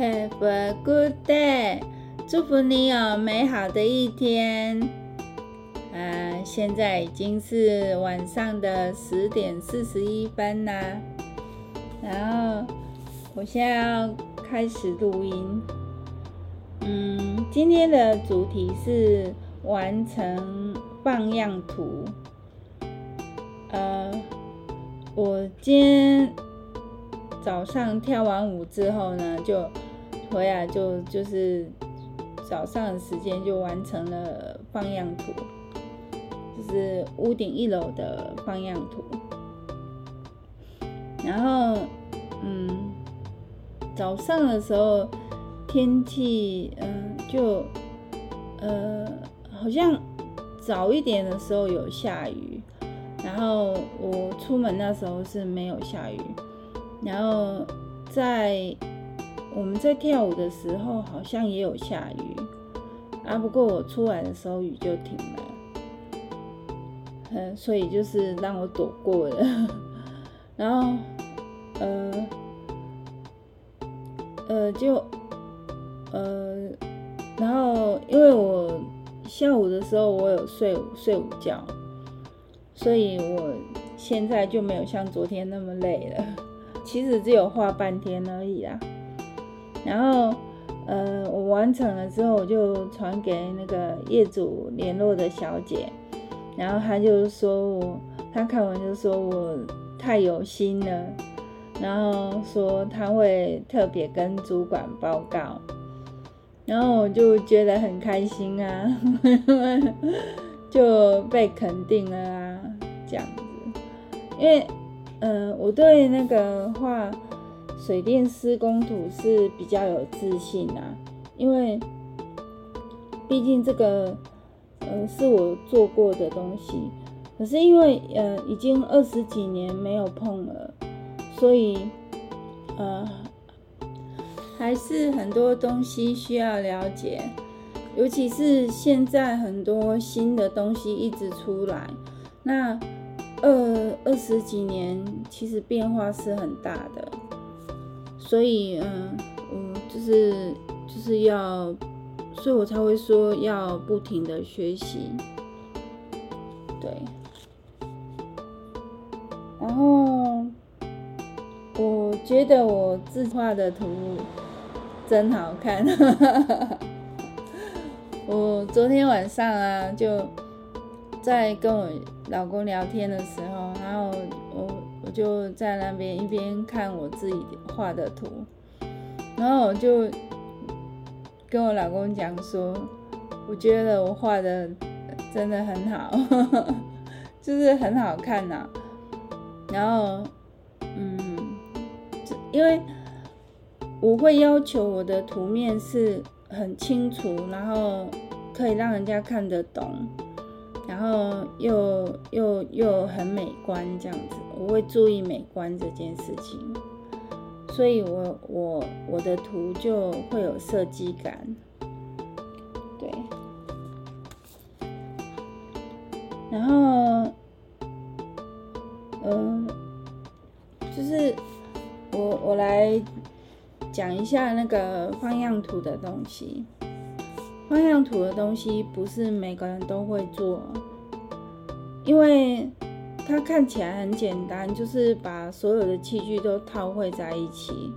Have a good day，祝福你有美好的一天。啊、呃，現在已經是晚上的十點四十一分啦。然後我現在要開始錄音。嗯，今天的主題是完成放樣圖。呃，我今天早上跳完舞之後呢，就。回來就就是早上的時間就完成了放樣圖，就是屋頂一樓的放樣圖。然後，嗯，早上的時候天氣，嗯、呃，就呃好像早一點的時候有下雨，然後我出門那時候是沒有下雨，然後在。我們在跳舞的時候好像也有下雨啊，不過我出來的時候雨就停了，嗯，所以就是讓我躲過了。然後，呃，呃，就，呃，然後因為我下午的時候我有睡午睡午覺，所以我現在就沒有像昨天那麼累了。其實只有畫半天而已啦。然後，呃，我完成了之後，我就傳給那個業主聯絡的小姐，然後她就說我，我她看完就說，我太有心了，然後說她會特別跟主管報告，然後我就覺得很開心啊，呵呵就被肯定了啊，這樣子，因為，嗯、呃，我對那個畫。水電施工圖是比較有自信啊，因為畢竟這個、呃、是我做過的東西，可是因為呃已經二十幾年沒有碰了，所以呃還是很多東西需要了解，尤其是現在很多新的東西一直出來，那二、呃、二十幾年其實變化是很大的。所以，嗯，我就是就是要，所以我才會說要不停的學習，對。然後，我覺得我自己畫的圖真好看， 我昨天晚上啊，就在跟我老公聊天的時候，然後。我就在那邊一邊看我自己畫的圖，然後我就跟我老公講說，我覺得我畫的真的很好， 就是很好看吶、啊。然後，嗯，因為我會要求我的圖面是很清楚，然後可以讓人家看得懂。然後又又又很美觀，這樣子我會注意美觀這件事情，所以我我我的圖就會有設計感，對。然後，嗯，就是我我來講一下那個放樣圖的東西。方向的東西不是每個人都會做，因為它看起來很簡單，就是把所有的器具都套繪在一起。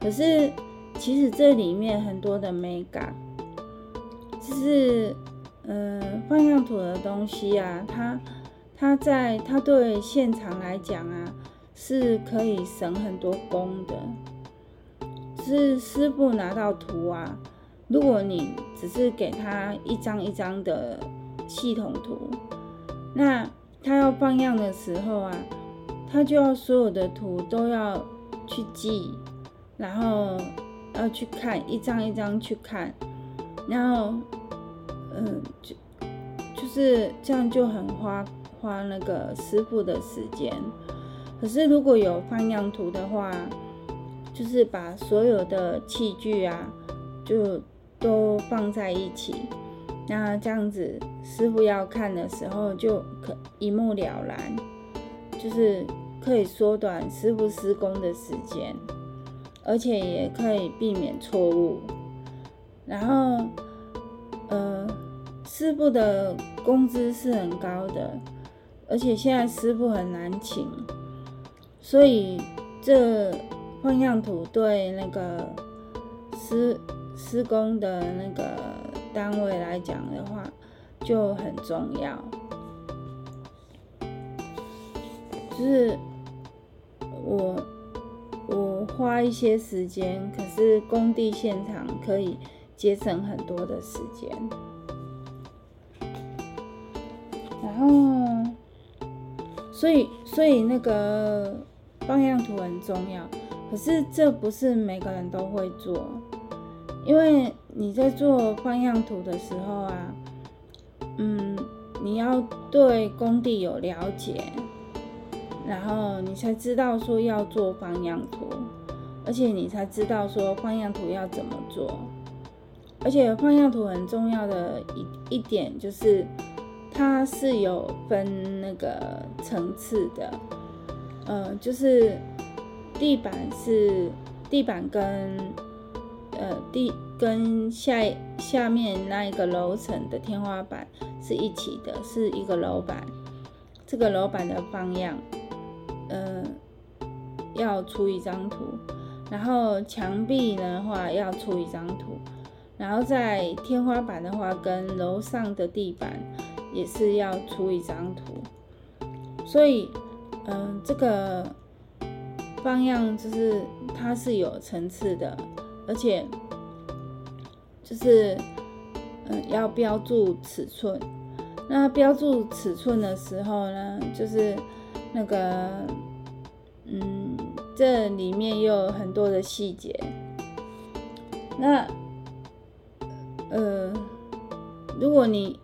可是其實這裡面很多的美感，就是嗯、呃，放樣圖的東西啊，它它在它對現場來講啊，是可以省很多工的，是師傅拿到圖啊。如果你只是給他一張一張的系統圖，那他要放樣的時候啊，他就要所有的圖都要去記，然後要去看，一張一張去看，然後嗯，就就是這樣就很花花那個師傅的時間。可是如果有放樣圖的話，就是把所有的器具啊，就都放在一起，那這樣子師傅要看的時候就可一目了然，就是可以縮短師傅施工的時間，而且也可以避免錯誤。然後，呃，師傅的工資是很高的，而且現在師傅很難請，所以這放樣圖對那個師。施工的那個單位來講的話，就很重要。就是我我花一些時間，可是工地現場可以節省很多的時間。然後，所以所以那個放樣圖很重要，可是這不是每個人都會做。因為你在做放樣圖的時候啊，嗯，你要對工地有了解，然後你才知道說要做放樣圖，而且你才知道說放樣圖要怎麼做，而且放樣圖很重要的一一點就是它是有分那個層次的，呃，就是地板是地板跟。呃，地跟下下面那一個樓層的天花板是一起的，是一個樓板。這個樓板的放樣，呃，要出一張圖。然後牆壁的話要出一張圖。然後在天花板的話跟樓上的地板也是要出一張圖。所以，嗯，呃，這個放樣就是它是有層次的。而且，就是、呃，要標註尺寸。那標註尺寸的時候呢，就是那個，嗯，這裡面也有很多的細節。那，呃，如果你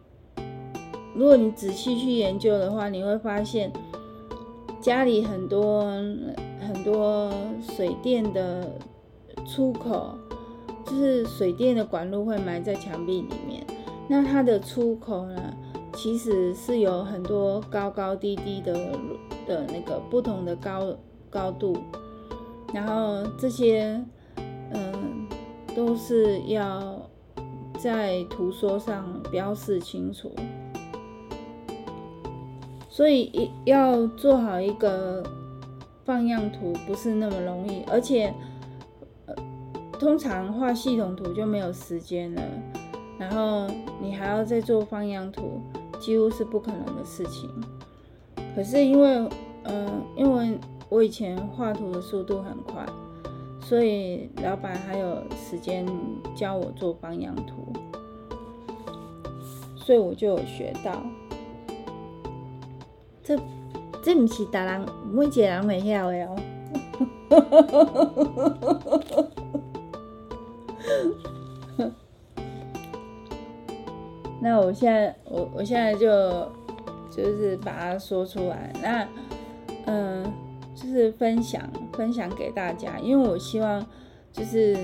如果你仔細去研究的話，你會發現家裡很多很多水電的。出口就是水電的管路會埋在牆壁裡面，那它的出口呢，其實是有很多高高低低的的那個不同的高高度，然後這些嗯都是要在圖說上標示清楚，所以一要做好一個放樣圖不是那麼容易，而且。通常畫系統圖就沒有時間了，然後你還要再做放樣圖，幾乎是不可能的事情。可是因為，嗯、呃，因為我以前畫圖的速度很快，所以老闆還有時間教我做放樣圖，所以我就有學到。這這不是每人，每一個人會曉的哦。 那我現在，我我現在就就是把它說出來，那嗯，就是分享分享給大家，因為我希望就是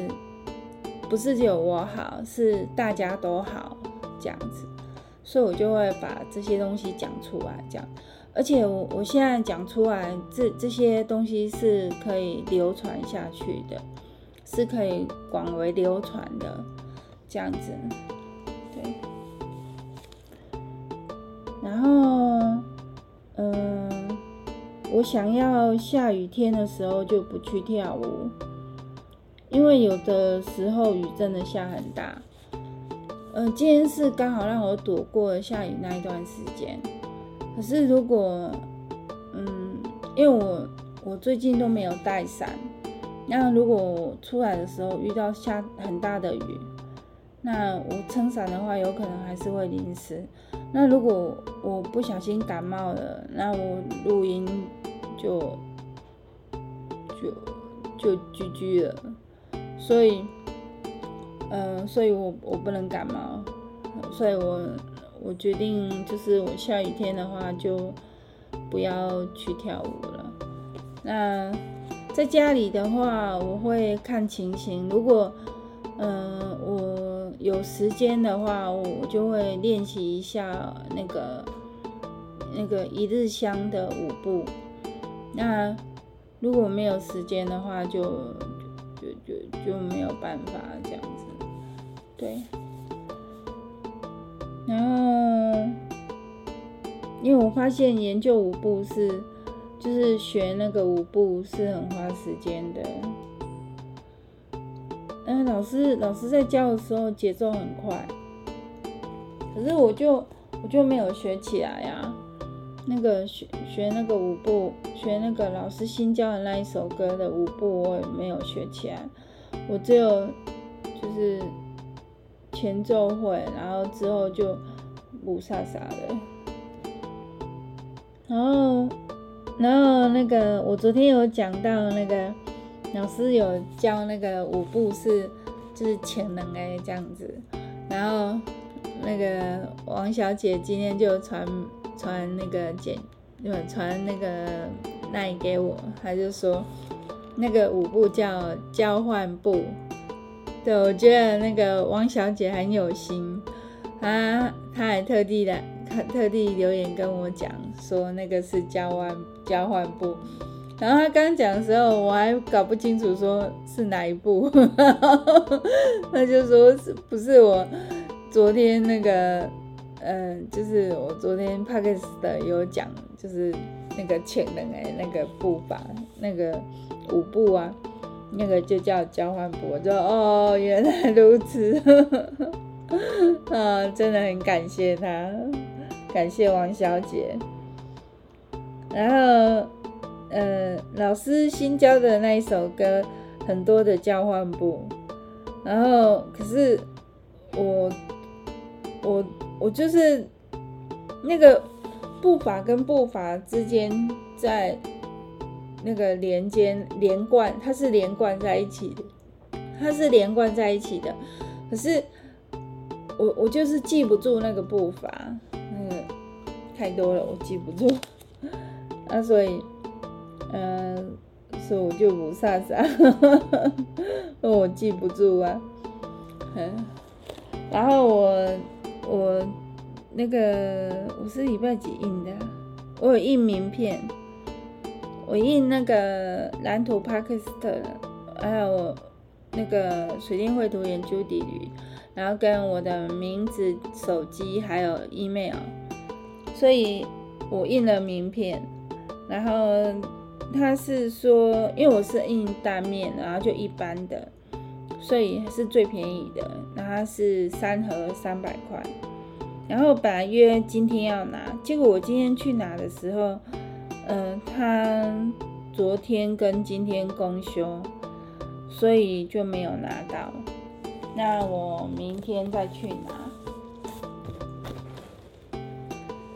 不是只有我好，是大家都好這樣子，所以我就會把這些東西講出來，這樣，而且我我現在講出來，這這些東西是可以流傳下去的。是可以廣為流傳的這樣子，對。然後，嗯，我想要下雨天的時候就不去跳舞，因為有的時候雨真的下很大。嗯，今天是剛好讓我躲過了下雨那一段時間。可是如果，嗯，因為我我最近都沒有帶傘。那如果出來的時候遇到下很大的雨，那我撐傘的話，有可能還是會淋濕。那如果我不小心感冒了，那我錄音就就就 GG 了。所以，嗯、呃，所以我我不能感冒，所以我我決定就是我下雨天的話就不要去跳舞了。那。在家裡的話，我會看情形。如果，嗯，我有時間的話，我就會練習一下那個那個一日香的舞步。那如果沒有時間的話就，就就就就沒有辦法這樣子。對。然後，因為我發現研究舞步是。就是學那個舞步，是很花時間的。嗯，老師老師在教的時候節奏很快，可是我就我就沒有學起來呀、啊。那個學學那個舞步，學那個老師新教的那一首歌的舞步，我也沒有學起來。我只有就是前奏會，然後之後就霧煞煞的。然後。然後那個，我昨天有講到那個老師有教那個舞步是就是潛能誒、哎、這樣子，然後那個王小姐今天就傳傳那個簡，傳那個傳那個給我，她就說那個舞步叫交換步。對，我覺得那個王小姐很有心，她她還特地的。他特地留言跟我講說，那個是交換交換步，然後他剛講的時候，我還搞不清楚說是哪一步，他就說是不是我昨天那個，嗯，就是我昨天 podcast 的有講，就是那個潛能哎，那個步伐，那個舞步啊，那個就叫交換步。我說哦，原來如此， 啊，真的很感謝他。感謝王小姐。然後，呃，老師新教的那一首歌，很多的交換步。然後，可是我我我就是那個步伐跟步伐之間，在那個連接連貫，它是連貫在一起的，它是連貫在一起的。可是我我就是記不住那個步伐。太多了，我記不住。那、 啊、所以，嗯、呃，所以我就霧煞煞， 我記不住啊。嗯，然後我我那個我是禮拜幾印的。我有印名片，我印那個藍圖帕克斯特，的，還有那個水電繪圖研究地理，然後跟我的名字、手機還有 email。所以，我印了名片，然後他是說，因為我是印單面，然後就一般的，所以是最便宜的。然後是三盒三百塊。然後本來約今天要拿，結果我今天去拿的時候，嗯、呃，他昨天跟今天公休，所以就沒有拿到。那我明天再去拿。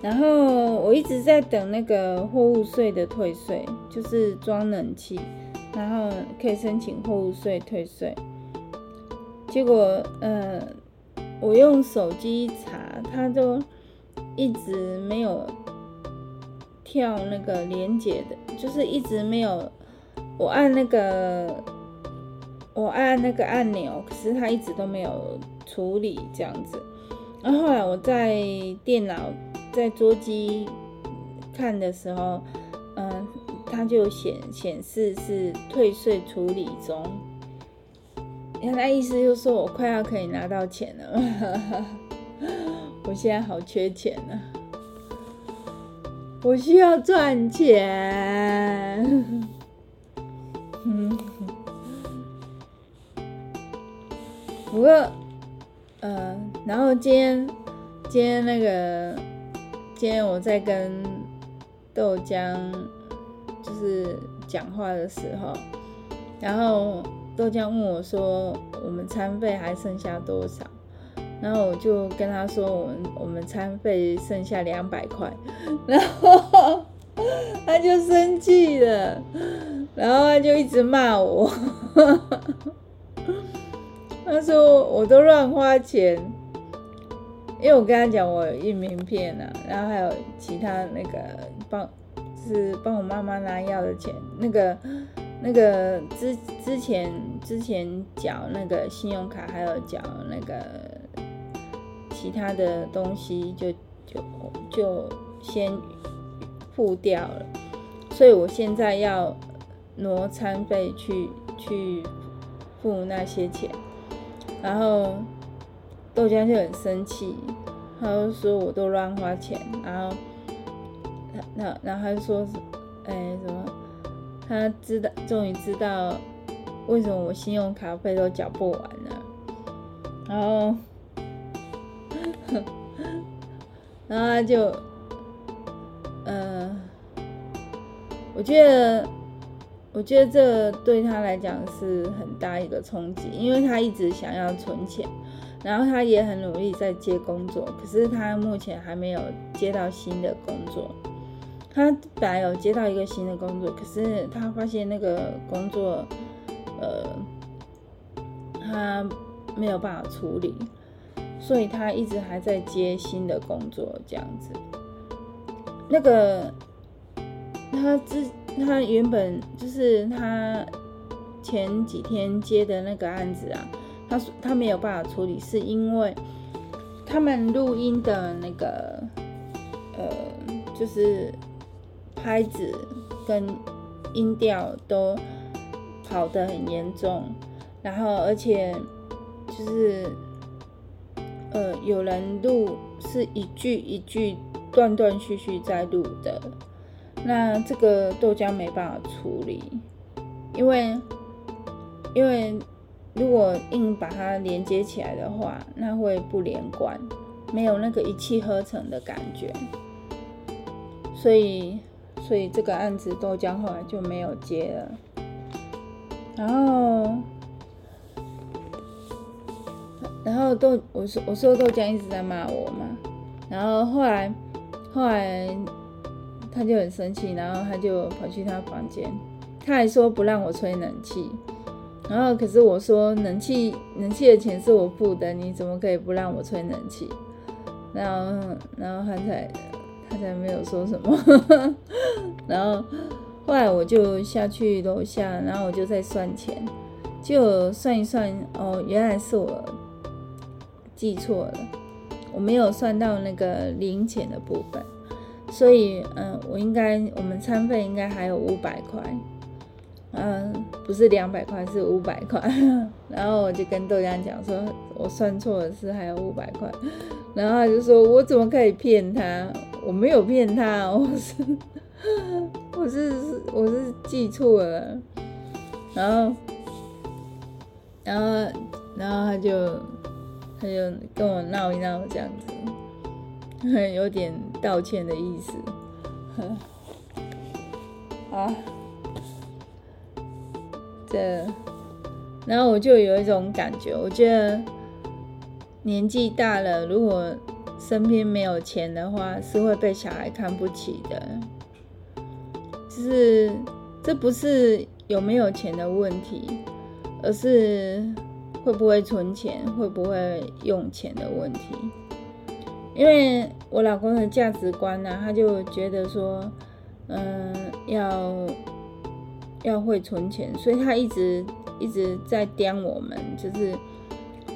然後我一直在等那個貨物稅的退稅，就是裝冷氣，然後可以申請貨物稅退稅。結果，呃、嗯，我用手機查，它都一直沒有跳那個連接的，就是一直沒有。我按那個，我按那個按鈕，可是它一直都沒有處理這樣子。然後後來我在電腦。在桌機看的時候，嗯，它就顯顯示是退稅處理中。原來意思就是說我快要可以拿到錢了。 我現在好缺錢啊，我需要賺錢。嗯。 不過，嗯，然後今天，今天那個。今天我在跟豆漿就是講話的時候，然後豆漿問我說：“我們餐費還剩下多少？”然後我就跟他說：“我們我們餐費剩下兩百塊。”然後他就生氣了，然後他就一直罵我。他說：“我都亂花錢。”因為我跟他講我印名片吶、啊，然後還有其他那個幫，是幫我媽媽拿藥的錢，那個那個之之前之前繳那個信用卡，還有繳那個其他的東西就，就就就先付掉了，所以我現在要挪餐費去去付那些錢，然後豆漿就很生氣。他就說我都亂花錢然，然後，然後他就說，哎什麼，他知道，終於知道為什麼我信用卡費都繳不完了、啊，然後，然後他就，嗯、呃，我覺得，我覺得這對他來講是很大一個衝擊，因為他一直想要存錢。然後他也很努力在接工作，可是他目前還沒有接到新的工作。他本來有接到一個新的工作，可是他發現那個工作，呃，他沒有辦法處理，所以他一直還在接新的工作這樣子。那個他之他原本就是他前幾天接的那個案子啊。他說他沒有辦法處理，是因為他們錄音的那個呃，就是拍子跟音調都跑得很嚴重，然後而且就是呃，有人錄是一句一句斷斷續續在錄的，那這個豆漿沒辦法處理，因為因為。如果硬把它連接起來的話，那會不連貫，沒有那個一氣呵成的感覺。所以，所以這個案子豆漿後來就沒有接了。然後，然後豆，我說我說豆漿一直在罵我嘛，然後後來，後來他就很生氣，然後他就跑去他房間，他還說不讓我吹冷氣。然後可是我說冷，冷氣冷氣的錢是我付的，你怎麼可以不讓我吹冷氣？然後然後他才他才沒有說什麼。 然後後來我就下去樓下，然後我就在算錢，就算一算哦，原來是我記錯了，我沒有算到那個零錢的部分，所以嗯，我應該我們餐費應該還有五百塊。嗯、uh,，不是兩百塊，是五百塊。 然後我就跟豆漿講說，我算錯了，是還有五百塊。 然後他就說，我怎麼可以騙他？我沒有騙他，我是, 我是，我是，我是記錯了。 然後，然後，然後他就，他就跟我鬧一鬧這樣子，很 有點道歉的意思。啊、 uh.。這，然後我就有一種感覺，我覺得年紀大了，如果身邊沒有錢的話，是會被小孩看不起的。就是這不是有沒有錢的問題，而是會不會存錢、會不會用錢的問題。因為我老公的價值觀呢、啊，他就覺得說，嗯、呃，要。要會存錢，所以他一直一直在顛我們，就是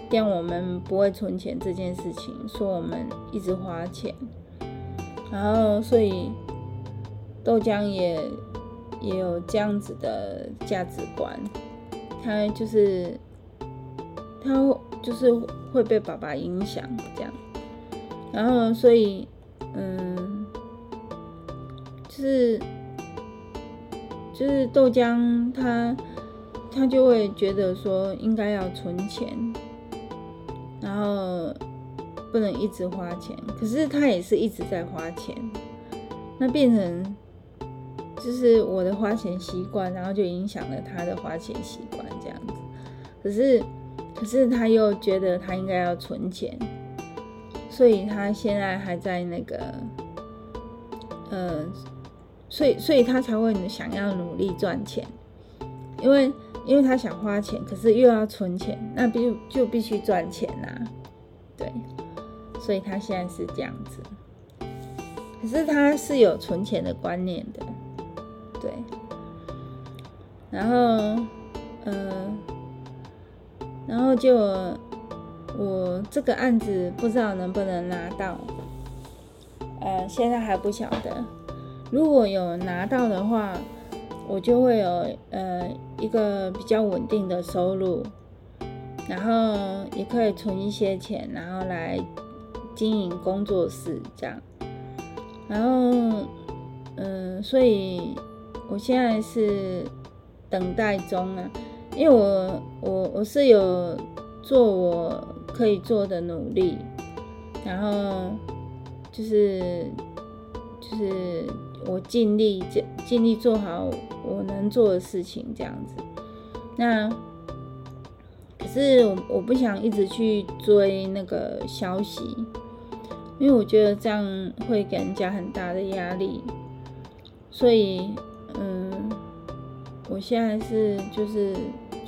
顛我們不會存錢這件事情，說我們一直花錢，然後所以豆漿也也有這樣子的價值觀，他就是他就是會被爸爸影響這樣，然後所以嗯，就是。就是豆漿，他他就會覺得說應該要存錢，然後不能一直花錢，可是他也是一直在花錢，那變成就是我的花錢習慣，然後就影響了他的花錢習慣這樣子，可是可是他又覺得他應該要存錢，所以他現在還在那個，呃。所以，所以他才會想要努力賺錢，因為，因為他想花錢，可是又要存錢，那必就必須賺錢啦、啊，對，所以他現在是這樣子，可是他是有存錢的觀念的，對，然後，呃，然後就我這個案子不知道能不能拿到，呃，現在還不曉得。如果有拿到的話，我就會有呃一個比較穩定的收入，然後也可以存一些錢，然後來經營工作室這樣，然後嗯、呃，所以我現在是等待中啊，因為我我我是有做我可以做的努力，然後就是就是。我盡力盡盡力做好我能做的事情，這樣子。那可是我我不想一直去追那個消息，因為我覺得這樣會給人家很大的壓力。所以，嗯，我現在是就是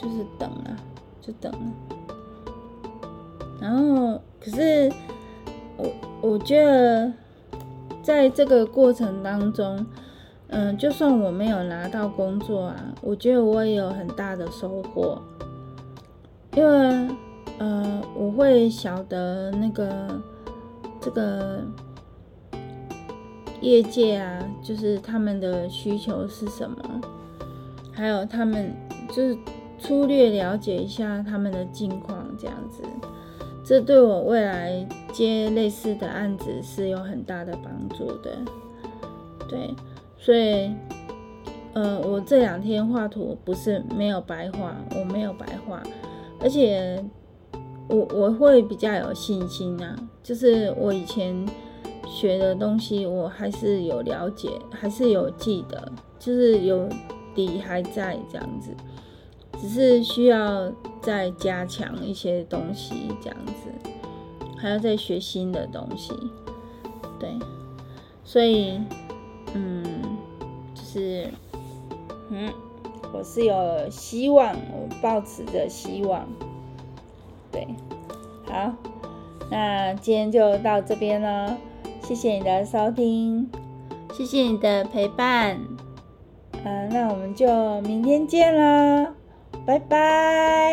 就是等了，就等了。然後，可是我我覺得。在這個過程當中，嗯，就算我沒有拿到工作啊，我覺得我也有很大的收穫，因為，嗯、呃，我會曉得那個這個業界啊，就是他們的需求是什麼，還有他們就是粗略了解一下他們的近況這樣子，這對我未來。接類似的案子是有很大的幫助的，對，所以，呃，我這兩天畫圖不是沒有白畫，我沒有白畫，而且我我會比較有信心啊，就是我以前學的東西我還是有了解，還是有記得，就是有底還在這樣子，只是需要再加強一些東西這樣子。還要再學新的東西，對，所以，嗯，就是，嗯，我是有希望，我抱持着希望，對，好，那今天就到這邊了，謝謝你的收聽，謝謝你的陪伴，嗯，那我們就明天見了，拜拜。